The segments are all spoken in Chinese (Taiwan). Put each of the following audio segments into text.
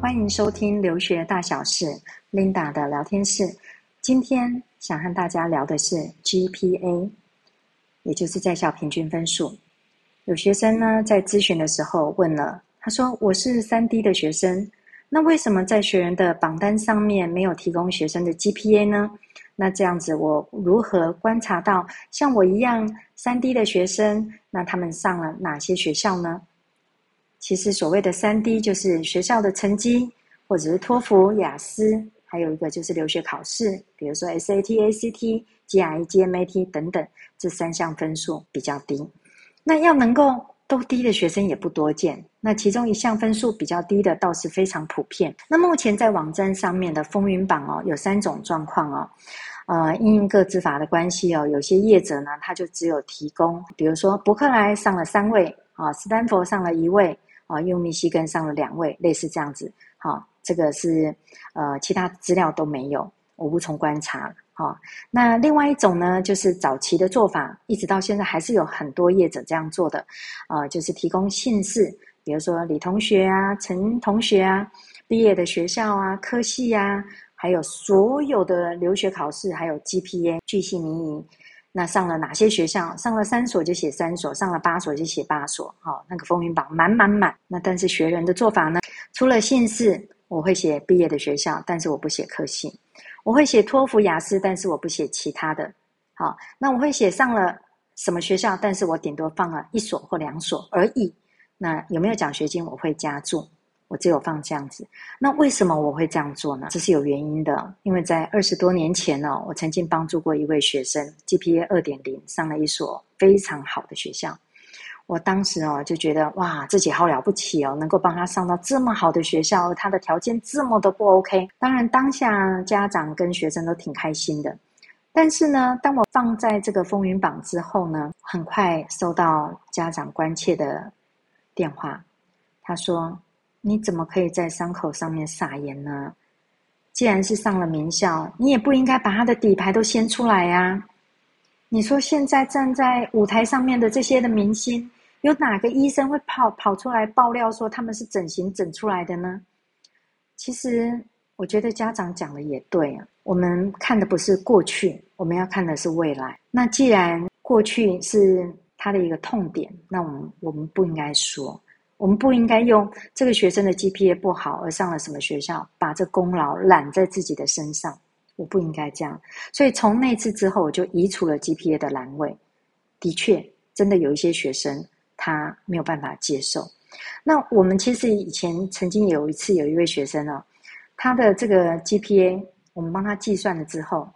歡迎收聽留學大小事 Linda 的聊天室。今天想和大家聊的是 GPA，也就是在校平均分數。有學生呢在諮詢的時候問了，他說：“我是三 D 的學生。”那為什麼在學人的榜單上面沒有提供學生的 GPA 呢？那這樣子我如何觀察到像我一樣三 D 的學生？那他們上了哪些學校呢？其實所謂的三 D 就是學校的成績，或者是托福、雅思，還有一個就是留學考試，比如說 SAT、ACT、GRE、GMAT 等等，這三項分數比較低。那要能夠，都低的學生也不多見，那其中一項分數比較低的倒是非常普遍。那目前在網站上面的風雲榜哦，有三種狀況哦，呃，因應個資法的關係哦，有些業者呢，他就只有提供，比如說伯克萊上了三位啊，斯坦福上了一位啊，又密西根上了兩位，類似這樣子。好、啊，這個是呃，其他資料都沒有。我無從觀察，哈、哦。那另外一種呢，就是早期的做法，一直到現在還是有很多業者這樣做的，啊、呃，就是提供姓氏，比如說李同學啊、陳同學啊，畢業的學校啊、科系呀、啊，還有所有的留學考試，還有 GPA 巨細靡遺。那上了哪些學校？上了三所就寫三所，上了八所就寫八所，好、哦，那個風雲榜滿，滿滿滿。那但是學人的做法呢？除了姓氏，我會寫畢業的學校，但是我不寫科系。我會寫托福、雅思，但是我不寫其他的。好，那我會寫上了什麼學校，但是我頂多放了一所或兩所而已。那有沒有獎學金，我會加注，我只有放這樣子。那為什麼我會這樣做呢？這是有原因的，因為在二十多年前哦，我曾經幫助過一位學生，GPA 二點零，上了一所非常好的學校。我當時哦就覺得哇，自己好了不起哦，能夠幫他上到這麼好的學校，他的條件這麼的不 OK。當然當下家長跟學生都挺開心的，但是呢，當我放在這個風雲榜之後呢，很快收到家長關切的電話，他說：“你怎麼可以在傷口上面撒鹽呢？既然是上了名校，你也不應該把他的底牌都掀出來呀、啊。”你說現在站在舞台上面的這些的明星，有哪個醫生會跑跑出來爆料說他們是整形整出來的呢？其實我覺得家長講的也對啊，我們看的不是過去，我們要看的是未來。那既然過去是他的一個痛點，那我們我們不應該說，我們不應該用這個學生的 GPA 不好而上了什麼學校，把這功勞攬在自己的身上。我不應該這樣，所以從那次之後，我就移除了 GPA 的欄位。的確，真的有一些學生他沒有辦法接受。那我們其實以前曾經有一次有一位學生哦，他的這個 GPA 我們幫他計算了之後，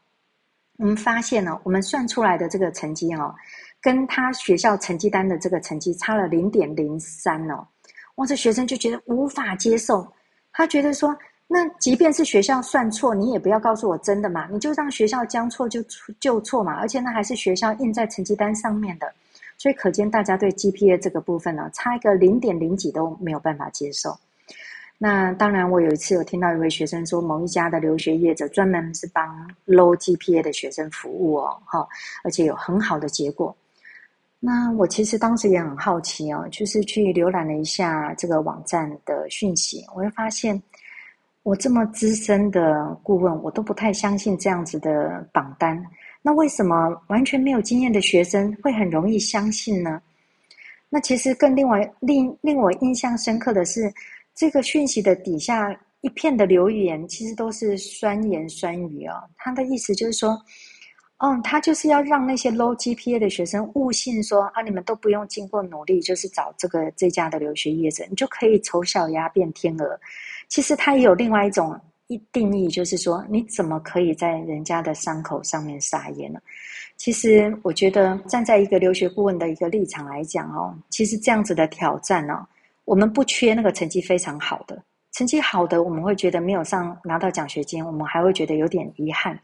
我們發現呢，我們算出來的這個成績哦，跟他學校成績單的這個成績差了零點零三哦，我這學生就覺得無法接受，他覺得說。那即便是學校算錯，你也不要告訴我真的嘛？你就讓學校將錯就就錯嘛！而且那還是學校印在成績單上面的，所以可見大家對 GPA 這個部分呢、啊，差一個零點零幾都沒有辦法接受。那當然，我有一次有聽到一位學生說，某一家的留學業者專門是幫 low GPA 的學生服務哦，哈、哦，而且有很好的結果。那我其實當時也很好奇哦，就是去瀏覽了一下這個網站的訊息，我又發現。我這麼資深的顧問，我都不太相信這樣子的榜單。那為什麼完全沒有經驗的學生會很容易相信呢？那其實更另外，令，令我印象深刻的是，這個訊息的底下一片的留言，其實都是酸言酸語哦。他的意思就是說，嗯，他就是要讓那些 low GPA 的學生誤信說啊，你們都不用經過努力，就是找這個這家的留學業者，你就可以醜小鴨變天鵝。其實他也有另外一種一定義，就是說，你怎麼可以在人家的傷口上面撒鹽呢？其實，我覺得站在一個留學顧問的一個立場來講哦，其實這樣子的挑戰哦、啊，我們不缺那個成績非常好的，成績好的我們會覺得沒有上拿到獎學金，我們還會覺得有點遺憾。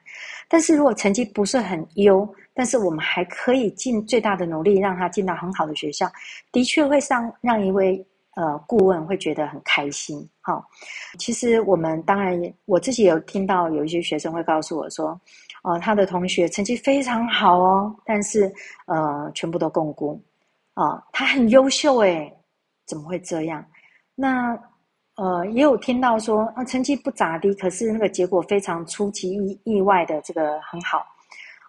但是如果成績不是很優，但是我們還可以盡最大的努力讓他進到很好的學校，的確會上讓一位。呃，顧問會覺得很開心。好、哦，其實我們當然，我自己有聽到有一些學生會告訴我說，呃，他的同學成績非常好哦，但是呃，全部都摃龜啊、呃，他很優秀誒，怎麼會這樣？那呃，也有聽到說，啊、呃，成績不咋地，可是那個結果非常出其意意外的，這個很好。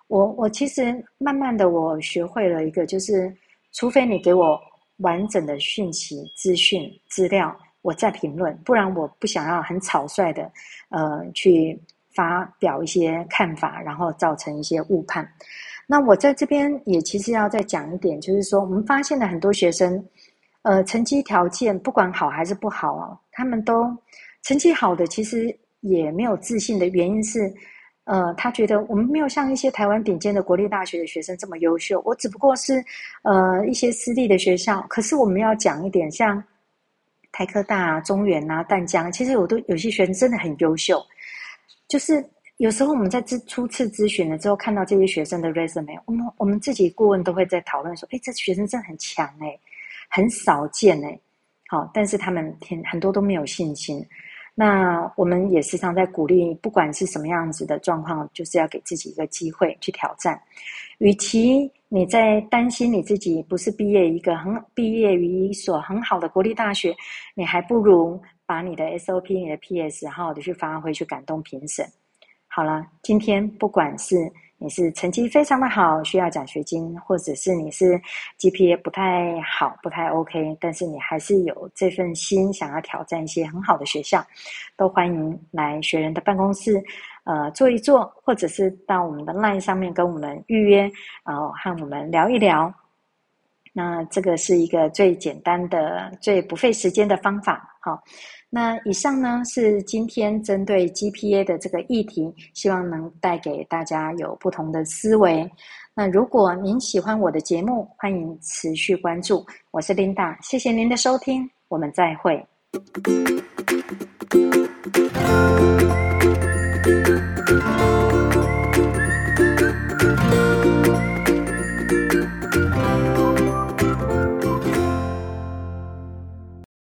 我我其實慢慢的我學會了一個，就是除非你給我。完整的訊息、資訊、資料，我再評論，不然我不想要很草率的，呃，去發表一些看法，然後造成一些誤判。那我在這邊也其實要再講一點，就是說，我們發現了很多學生，呃，成績條件不管好還是不好，他們都成績好的，其實也沒有自信的原因是，呃，他覺得我們沒有像一些台灣頂尖的國立大學的學生這麼優秀。我只不過是呃一些私立的學校，可是我們要講一點，像台科大啊、中原啊、淡江，其實我都有些學生真的很優秀。就是有時候我們在之初次諮詢了之後，看到這些學生的 resume，我們我們自己顧問都會在討論說，哎，這學生真的很強誒、欸、很少見哎、欸。好、哦，但是他們很多都沒有信心。那我們也時常在鼓勵，不管是什麼樣子的狀況，就是要給自己一個機會去挑戰。與其你在擔心你自己不是畢業一個很，畢業於一所很好的國立大學，你還不如把你的 SOP、你的 PS 好好的去發揮，去感動評審。好了，今天不管是你是成績非常的好，需要獎學金，或者是你是 GPA 不太好、不太 OK，但是你還是有這份心想要挑戰一些很好的學校，都歡迎來學人的辦公室，呃，坐一坐，或者是到我們的 LINE 上面跟我們預約，然後和我們聊一聊。那這個是一個最簡單的、最不費時間的方法，好、哦。那以上呢，是今天針對 GPA 的這個議題，希望能帶給大家有不同的思維。那如果您喜歡我的節目，歡迎持續關注。我是 Linda，謝謝您的收聽，我們再會。